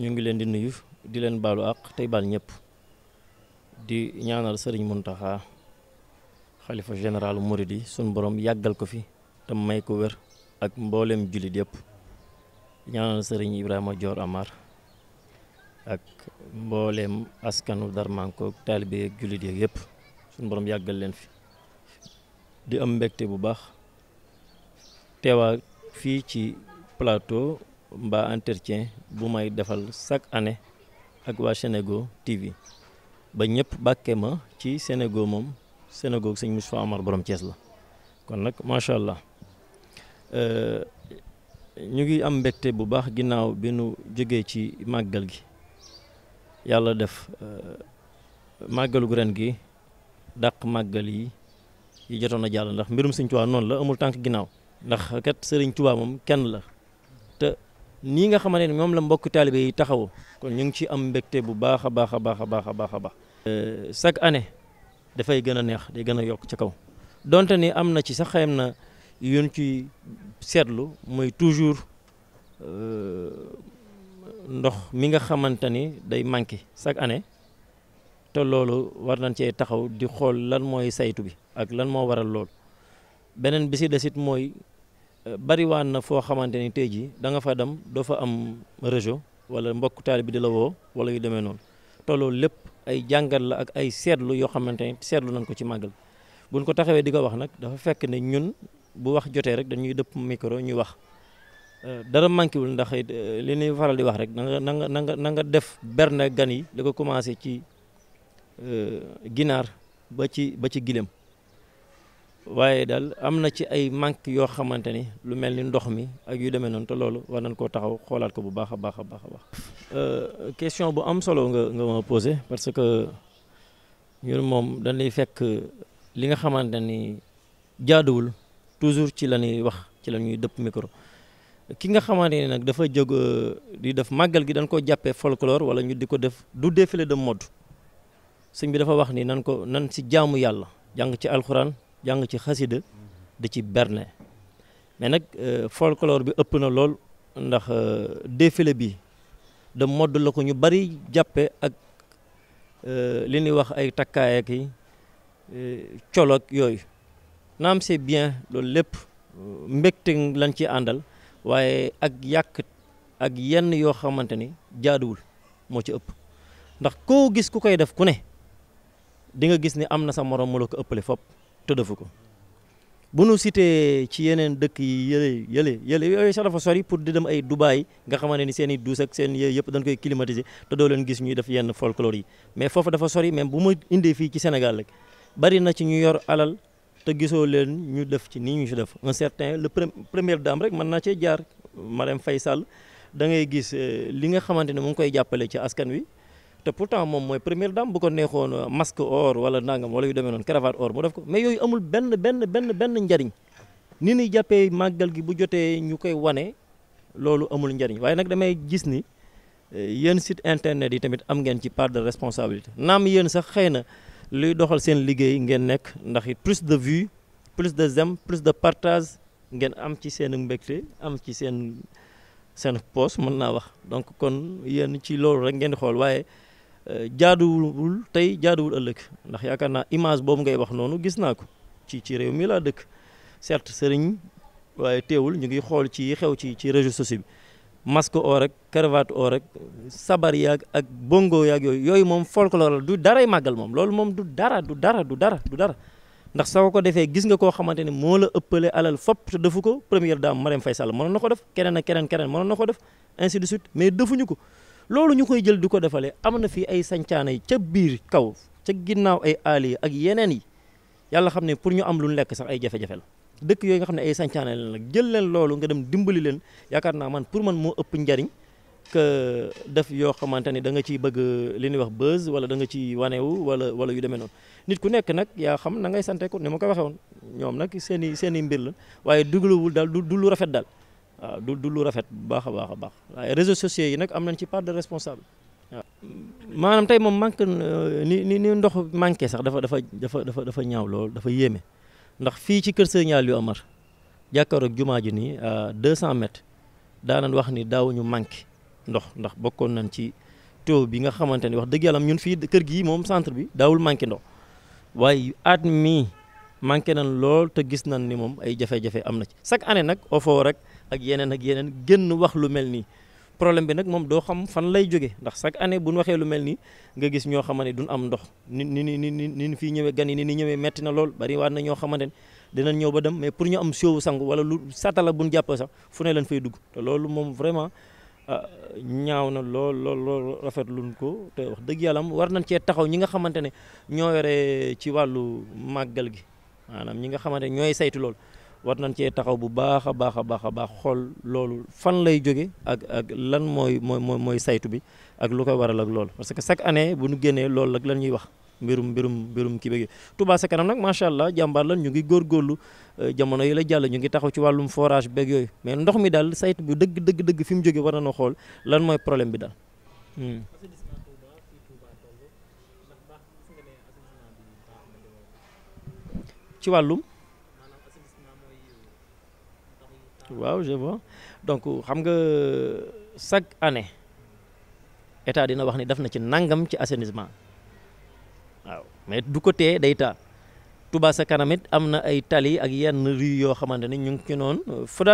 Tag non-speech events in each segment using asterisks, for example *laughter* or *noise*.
ñu ngi leen di nuyu di leen baalu àq tey baal di ñaanal sëriñ Muntaxa xalifa général Mouride yi sunu borom yàggal ko fi te may ko wér ak mboolem jullit yëpp ñaanal sëriñ Ibrahima Dior Amar ak mboolem askanu Darmanko taalibe yeeg jullit yeeg yëpp sunu borom yàggal leen fi di am bu baax teewaat fii ci plateau. mbaa entretien bu may defal chaque année ak waa Sénégo TV ba ñëpp bàkkee ma ci Sénégo moom Sénégo sëñ Moustapha Amar borom Thiès la kon nag macha allah euh, ñu ngi am mbégte bu baax ginnaaw bi nu jógee ci màggal gi yàlla def euh, gu ren gi dàq màggal yi yi jotoon a jàll ndax mbirum sëñ Tuubaa noonu la amul tànk ginnaaw ndax kat sëriñ Tuubaa moom kenn la te nii nga xamante ne moom la mbokk taalibe yi taxawoo kon ñu ngi ci am mbégte bu baax a baax a baax a baax a baax euh, année dafay gën a neex day gën a yokk ca kaw donte ni am na ci sax xayam na yun ci seetlu mooy toujours euh, ndox mi nga xamante ni day manqué chaque année te loolu war nañ cee taxaw di xool lan mooy saytu bi ak lan moo waral lool beneen bi si desit mooy. bariwaan na foo xamante ni tey jii da nga fa dem doo fa am réseau wala mbokk taali bi di la woo wala yu demee noonu te lépp ay jàngat la ak ay seetlu yoo xamante ni seetlu nanga ko ci màggal buñ ko taxawee di ko wax nag dafa fekk ne ñun bu wax jotee rek dañuy dëpp micro ñuy wax euh, dara manqué wul ndax euh, li ñuy faral di wax rek na nga na nga na nga na def berne gan yi li ko commencé ci euh, ginaar ba ci ba ci gilem waaye daal am na ci ay manque yoo xamante ni lu mel ni ndox mi ak yu demee noonu te loolu war nañ koo taxaw xoolaat ko bu baax a baax a baax a baax. Euh, question bu am solo nga nga ma posé parce que ñun moom dañuy fekk li nga xamante ni jaaduwul toujours ci la ñuy wax ci la ñuy dëpp micro. ki nga xamante nag dafa jóg euh, di def màggal gi dañ ko jàppee folklore wala ñu di ko def du défilé de modd sëñ bi dafa wax ni nan ko nan si jaamu yàlla jàng ci alxuraan. jàng ci xasida di ci berne mais nag euh, folklore bi ëpp na lool ndax euh, défilé bi de mode la ko ñu bari jàppe ak euh, li ñuy wax ay takkaay ki yi colog yooyu naam c'est bien loolu lépp mbegte lañ ci àndal waaye ak yàq ak yenn yoo xamante ni jaaduwul moo ci ëpp ndax koo gis ku koy def ku ne di nga gis ni am na sa moroom mu la ko ëppale fopp te defu ko bu nu cité ci yeneen dëkk yi yële yële yële yooyu sax dafa sori pour di dem ay Dubaay nga xamante ni seen i duus ak seen yëpp dañ koy climatiser te doo leen gis ñuy def yenn folklore yi mais foofu dafa sori même bu ma indee fii ci Sénégal rek bari na ci ñu yor alal te gisoo leen ñu def ci ni ñu si def un certain le première dame rek mën naa cee jaar Marème Faye Sall da ngay gis euh, li nga xamante ne mu ngi koy jàppale ci askan wi. te pourtant moom mooy première dame bu ko neexoon euh, masque or wala nangam wala yu demee noonu cravate or mu def ko mais yooyu amul benn benn benn benn njariñ ni ñuy jàppee màggal gi bu jotee ñu koy wane loolu amul njariñ waaye nag damay gis ni euh, yéen sit internet yi tamit am ngeen ci part de responsabilité naam yéen sax xëy na luy doxal seen liggéey ngeen nekk ndax it plus de vues plus de j'aime plus de partage ngeen am ci seen mbégte am ci seen seen poste mën naa wax donc kon yéen ci loolu rek ngeen di xool waaye. jaaduwul tey jaaduwul ëllëg ndax yaakaar naa image boobu ngay wax noonu gis naa ko ci ci réew mi dëkk certes sëriñ waaye teewul ñu ngi xool ci xew ci ci réseaux sociaux bi masque oo rek cravate o rek sabar yaag ak bongo yaag yooyu yooyu moom folklore la du daray màggal moom loolu moom du dara du dara du dara du dara ndax soo ko defee gis nga koo xamante ne moo la ëppale alal fopp te defu ko première dame Marème Faye Sall mënoon na ko def keneen ak keneen keneen mënoon na ko def ainsi de mais defuñu ko loolu ñu koy jël di ko defalee am na fi ay sancaana yi ca biir kaw ca ginnaaw ay aali yi ak yeneen yi yàlla xam ne pour ñu am lu ñu lekk sax ay jafe-jafe la dëkk yooyu nga xam ne ay sancaana leen nag jël leen loolu nga dem dimbali leen yaakaar naa man pour man moo ëpp njariñ que def yoo xamante ni da nga ciy bëgg li ñuy wax buzz wala danga nga ciy wanewu wala wala yu demee noonu nit ku nekk nag yaa xam na ngay sante ko ni ma ko waxee woon ñoom nag seen i seen i mbir la waaye dugaluwul daal du lu rafet daal waaw du du lu rafet bu baax a baax a baax a réseaux sociaux yi nag am nañ ci part de responsable waaw maanaam tey moom manque euh, ni ni ni ndox manqué sax dafa dafa dafa dafa dafa ñaaw lool dafa yéeme ndax fii ci kër Serigne Aliou Amar jàkkaaroo jumaa ji nii deux cent mètres daanan wax ni daawuñu manqué ndox ndax bokkoon nañ ci taux bi nga xamante ni wax dëgg yàlla ñun fii kër gi moom centre bi daawul manqué ndox waaye at mii manqué nañ lool te gis nañ ni moom ay jafe-jafe am na ci chaque année nag ofo rek ak yeneen ak yeneen génn wax lu mel nii problème bi nag moom doo xam fan lay jóge ndax chaque année bu ñu waxee lu mel nii nga gis ñoo xaman ne duñ am ndox ni ni ni ni ni fii ñëwee gan yi ni ni ñëwee metti na lool bari waat na ñoo xamante ne dinañ ñëw ba dem mais pour ñu am soowu sangu wala lu satala bu ñu jàppee sax fu ne lañ fay dugg te loolu moom vraiment ah, ñaaw na lool lool lool rafet luñ ko te wax dëgg yàlla war nañ cee taxaw ñi nga xamante ne ñoo yore ci wàllu màggal gi maanaam ñi nga xamante ñooy saytu lool war nañ cee taxaw bu baax a baax a baax a baax xool loolu fan lay jóge ak lan mooy mooy mooy saytu bi ak lu koy waral ak loolu parce que chaque année bu ñu génnee loolu ak lan ñuy wax mbirum mbirum mbirum kii beeg Touba sa kanam nag macha allah jàmbaar lan ñu ngi góorgóorlu euh, jamono yi la jàll ñu ngi taxaw ci wàllum forage beeg yooyu mais ndox mi daal sayt bu dëgg dëgg dëgg fi mu jóge war noo xool lan mooy problème bi daal. Hmm. ci wàllum. waaw je vois donc xam nga chaque année état dina wax ni def na ci nangam ci assainissement waaw mais du ko day taa tubaa sa kanam am na ay tali ak yenn rue yoo xamante ni ñu ngi ci noonu fu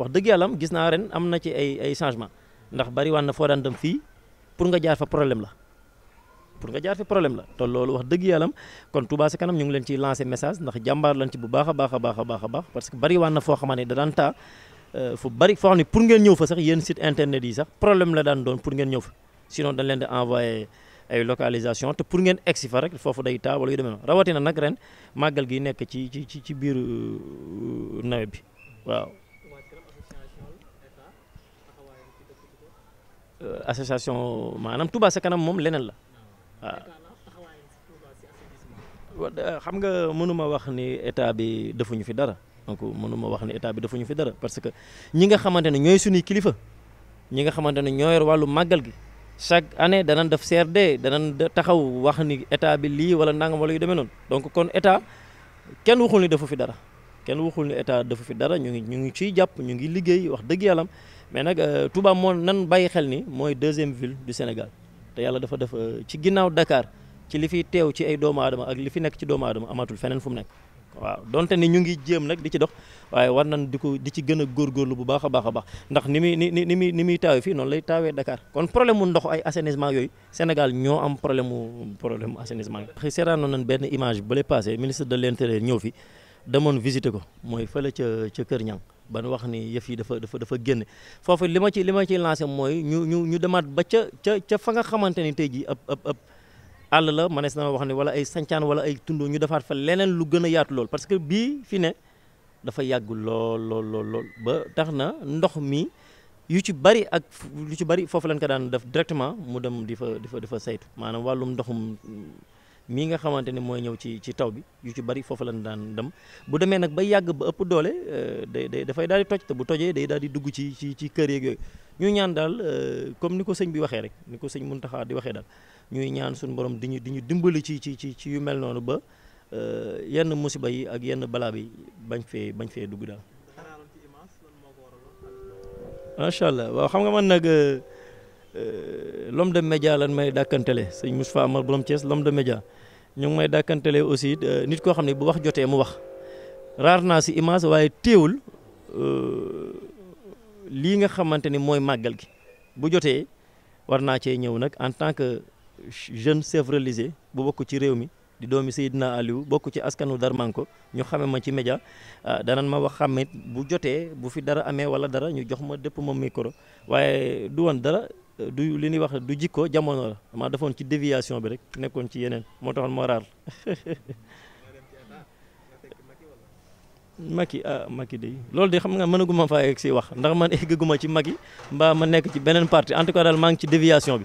wax dëgg yàlla gis naa ren am na ci ay ay changement ndax bari waan na foo daan dem fii pour nga jaar fa problème la. pour nga jaar fi problème la te loolu wax dëgg yàllam kon Touba Ca Kanam ñu ngi leen ciy lancé message ndax jàmbaar lañ ci bu baax a baax a baax a baax parce que bari waan foo xamante ne da daan taa euh, fu bari foo xam ne pour ngeen ñëw fa sax yéen site internet yi sax problème la daan doon pour ngeen ñëw fa sinon dañ leen di envoyé ay localisation te pour ngeen egsi fa rek foofu day taa wala yu demee noonu rawatina nag ren màggal gi nekk ci euh, euh, moom leneen la waaw euh, xam nga mënuma wax ni état bi defuñu fi dara donc mënuma wax ni état bi defuñu fi dara parce que ñi nga xamante ne ñooy suñuy kilifa ñi nga xamante ne ñoo wàllu màggal gi chaque année danañ def CRD danañ taxaw wax ni état bi lii wala nangam wala yu demee noonu donc kon état kenn waxul ni defu fi dara kenn waxul ni état defu fi dara ñu ngi ñu ngi ciy jàpp ñu ngi liggéey wax dëgg yàlla mais nag euh, Touba moo nan bàyyi xel ni mooy deuxième ville du Sénégal. te yàlla dafa def euh, ci ginnaaw dakaar ci li fi teew ci ay doomu aadama ak li fi nekk ci doomu adama amatul feneen fu mu nekk waaw donte ni ñu ngi jéem nag di ci dox waaye war nañ di ko di ci gën a góorgóorlu bu baax a baax a baax ndax ni muy ni ni muy ni muy taawee fii noonu lay taawee Dakar kon problème mu ndox ay assainissement yooyu Sénégal ñoo am problème mu problème mu assainissement yi. nañ benn image bu lay passé ministre de l' intérieur ñëw fi demoon visiter ko mooy fële ca ca Kër Niang ba ban wax ni yëf yi dafa dafa dafa génn foofu li ma ci li ma ci lancé mooy ñu ñu ñu demaat ba ca ca ca fa nga xamante ni tey jii ëpp ëpp àll la manees na wax ni wala ay sancaan wala ay tund ñu defaat fa leneen lu gën a yaatu lool parce que bii fi ne dafa yàgg lool lool lool ba tax na ndox mi yu ci bari ak lu ci bari foofu lañ ko daan def directement mu dem di fa di fa di fa saytu maanaam wàllum ndoxum mii nga xamante ni mooy ñëw ci ci taw bi yu ci bari foofu lañ daan dem bu demee nag ba yàgg ba ëpp doole euh, day day dafay daal di toj te bu tojee day daal di dugg ci ci ci kër yeeg yooyu ñu ñaan daal euh, comme ni ko sëñ bi waxee rek ni ko sëñ Muntaxa di waxee daal ñuy ñaan suñu borom di ñu di ñu dimbali ci ci ci ci yu mel noonu ba euh, yenn musiba yi ak yenn balaa bi bañ fee bañ fee dugg daal. macha allah waaw xam nga man nag. Euh, l'homme de média lan may dàkkantele sëñ Moustapha Amar borom Thiès l'homme de média ñu ngi may dàkkantele aussi euh, nit koo xam ne bu wax jotee mu wax raar naa si image waaye téewul euh, lii nga xamante ni mooy màggal gi bu jotee war naa cee ñëw nag en tant que jeune chef bu bokk ci réew mi di doomi Seydina Aliou bokk ci askanu man ko ñu xame ma ci média ah, danan ma wax xamit bu jotee bu fi dara amee wala dara ñu jox ma dëpp ma mikoro waaye du woon dara du li ñuy wax du jikko jamono la dama defoon ci déviation bi rek nekkoon ci yeneen moo taxoon moral *laughs* Macky ah Macky de loolu de xam nga mënaguma faa yegg si wax ndax man eggaguma ci Macky mbaa ma nekk ci beneen parti en tout cas daal maa ngi ci déviation bi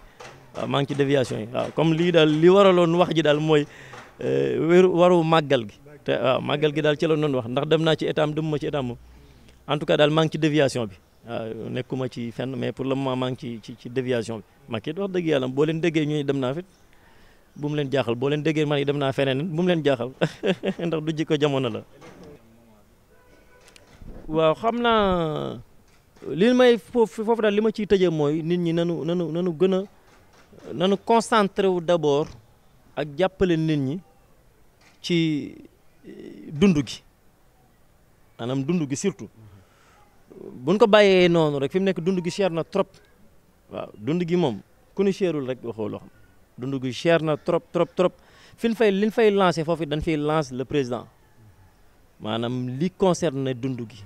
waaw ngi ci déviation yi waaw comme lii daal li waraloon wax ji daal mooy euh, wéru waru màggal gi te waaw gi daal ci la noonu wax ndax dem naa ci état am dem ma ci état moom en tout cas daal maa ngi ci déviation bi. waaw euh, nekkuma ci fenn mais pour le moment maa ngi ci ci déviation bi Macky wax dëgg yàlla boo leen déggee ñuy dem naa fit bu mu leen jaaxal boo leen déggee man dem naa feneen bu leen jaaxal *laughs* ndax du jikko jamono la. waaw xam naa li may foofu daal li ma ciy tëjee mooy nit ñi nanu nanu nanu gën a nanu concentré wu d' abord ak jàppale nit ñi ci eh, dund gi maanaam dund gi surtout. buñ ko bàyyee noonu rek fi mu nekk dund gi cher na trop waaw dund gi moom ku ñu cherul rek waxoo loo xam dund gi cher na trop trop trop fi ñu fay li ñu fay lancé foofu dañ fiy lance la président maanaam li concerne dund gi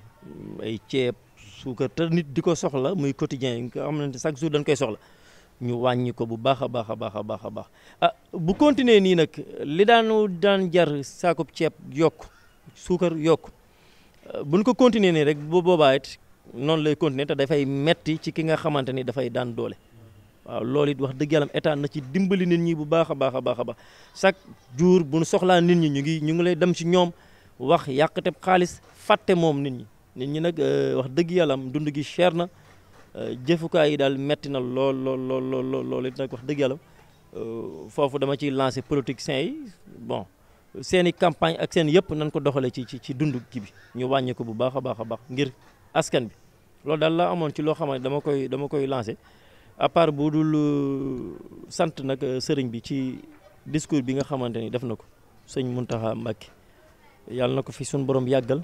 ay ceeb suukar te nit di ko soxla muy quotidien yi nga xam ne chaque jour danga koy soxla ñu wàññi ko bu baax a baax a baax a baax a baax ah bu continuer nii nag li daanu daan jar saakub ceeb yokk suukar yokk buñ ko continuer nii rek bu noonu lay continuer te dafay metti ci ki nga xamante ni dafay daan doole waaw loolu it wax dëgg yàlla état na ci dimbali nit ñi bu baax a baax a baax a baax chaque jour bu nu soxlaa nit ñi ñu ngi ñu ngi lay dem ci ñoom wax yàqateb xaalis fàtte moom nit ñi nit ñi nag euh, wax dëgg yàlla am dund gi cher na euh, jëfukaay yi daal metti na lool lool lool lool it nag wax dëgg yàlla euh, foofu dama ciy lancé politiciens yi bon seeni i campagne ak seen yëpp nañ ko doxalee ci ci ci dund gi bi ñu wàññi ko bu baax a baax a baax ngir. askan bi loolu daal la amoon ci loo xamante dama koy dama koy lancé à part bu dul euh, sant nag euh, sëriñ bi ci discours bi nga xamante ni def na ko sëñ Mountakha Mbacké yàlla na ko fi suñu borom yàggal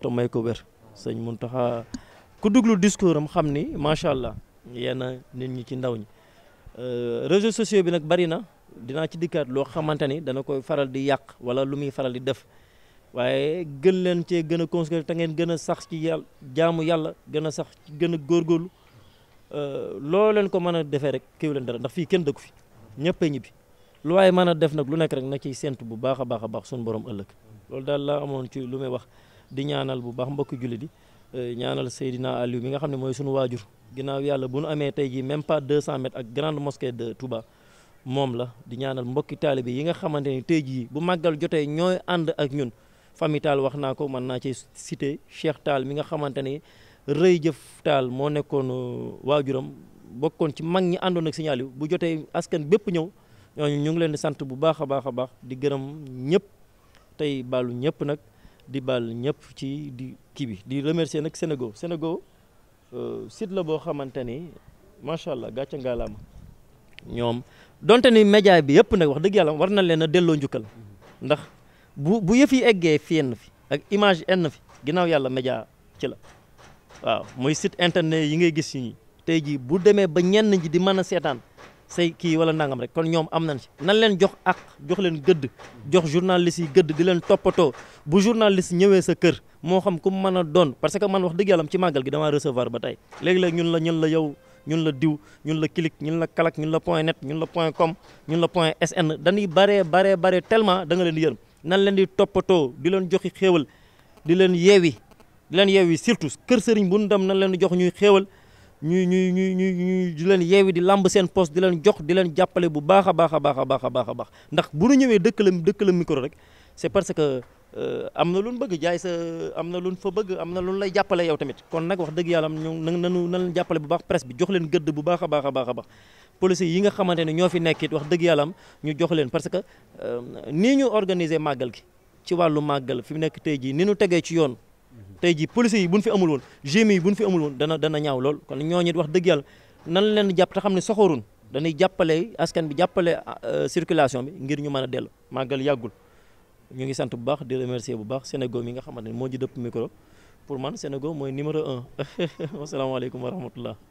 te may ko wér sëñ Mountakha ku duglu discours am xam ni macha allah yenn nit ñi ci ndaw ñi euh, réseaux sociaux bi nag bari na dinaa ci dikkaat loo xamante ni dana koy faral di yàq wala lu muy faral di def. waaye gën leen cee gën a considéré te ngeen gën a sax ci yàlla jaamu yàlla gën a sax ci gën a góorgóorlu euh, loo leen ko mën a defee rek kiw leen dara ndax fii kenn dëkku fi ñëpp ñibbi lu waaye mën a def nag lu nekk rek na ciy séntu bu baax a baax a baax suñu borom ëllëg loolu daal la amoon ci lu may wax di ñaanal bu baax mbokku julli di euh, ñaanal Seydina Aliou mi nga xam ne mooy sunu waajur ginnaaw yàlla bu nu amee tey jii même pas 200 mètres ak grande mosquée de Touba moom la di ñaanal mbokki taalibe yi nga xamante ni tey jii bu màggal jotee ñooy ànd ak ñun famille Tall wax naa ko mën naa ci cité Cheikh Tall mi nga xamante ne rëy jëf Tall moo nekkoon euh, waajuram bokkoon ci mag ñi àndoon ak signal bu jotee askan bépp ñëw ñooñu ñu ngi leen di sant bu baax a baax a baax di gërëm ñëpp tey baalu ñëpp nag di baal ñëpp ci di kii bi di remercier nag Sénégo Sénégo euh, site la boo xamante ni macha allah gàcce ngaalaama ñoom donte ni média bi yëpp nag wax dëgg yàlla war na leen a delloo njukkal ndax. bu bu yëf yi eggee fi yenn fi ak image yenn fi ginnaaw yàlla média ci la waaw mooy site internet yi ngay gis yi tey jii bu demee ba ñenn ji di mën a seetaan say kii wala nangam rek kon ñoom am nañ ci nan leen jox ak jox leen gëdd jox journaliste yi gëdd di leen toppatoo bu journaliste ñëwee sa kër moo xam ku mën a doon parce que man wax dëgg yàlla ci màggal gi damaa recevoir ba tey léegi-léeg ñun la ñun la yow ñun la diw ñun la clic ñun la kalak ñun la point net ñun la point com ñun la point sn dañuy baree baree baree tellement da nga leen di yërëm nan leen di toppatoo di leen joxi xéewal di leen yeewi di leen yeewi surtout kër sëriñ bu nu dem leen di jox ñuy xéewal ñuy ñuy ñuy ñuy ñuy di leen yeewi di làmb seen poste di leen jox di leen jàppale bu baax a baax baax a baax a a baax ndax bu nu ñëwee dëkk la dëkk la micro rek c'est parce que euh, am na lu ñu bëgg jaay sa am na lu ñu fa bëgg am na lu lay jàppale yow tamit kon nag wax dëgg yàlla ñu na nanu nan leen jàppale bu baax presse bi jox leen gëdd bu baax a baax a baax a baax policiers yi nga xamante ne ñoo fi nekk it wax dëgg yàlla ñu jox leen parce que euh, nii ñu organiser màggal gi ci wàllu màggal fi mu nekk tey jii ni nu tegee ci yoon. tey jii policiers yi bu buñ fi amul woon GMI yi buñ fi amul woon dana dana ñaaw lool kon ñooñu it wax dëgg yàlla nan leen jàpp te xam ne soxorun dañuy jàppale askan bi jàppale euh, circulation bi ngir ñu mën a dellu màggal yàggul. ñu ngi sant bu baax di remercier bu baax Sénégal mi nga xamante ne moo ji dëpp micro pour man Sénégal mooy numéro un *laughs* asalaamaaleykum a rahmatullah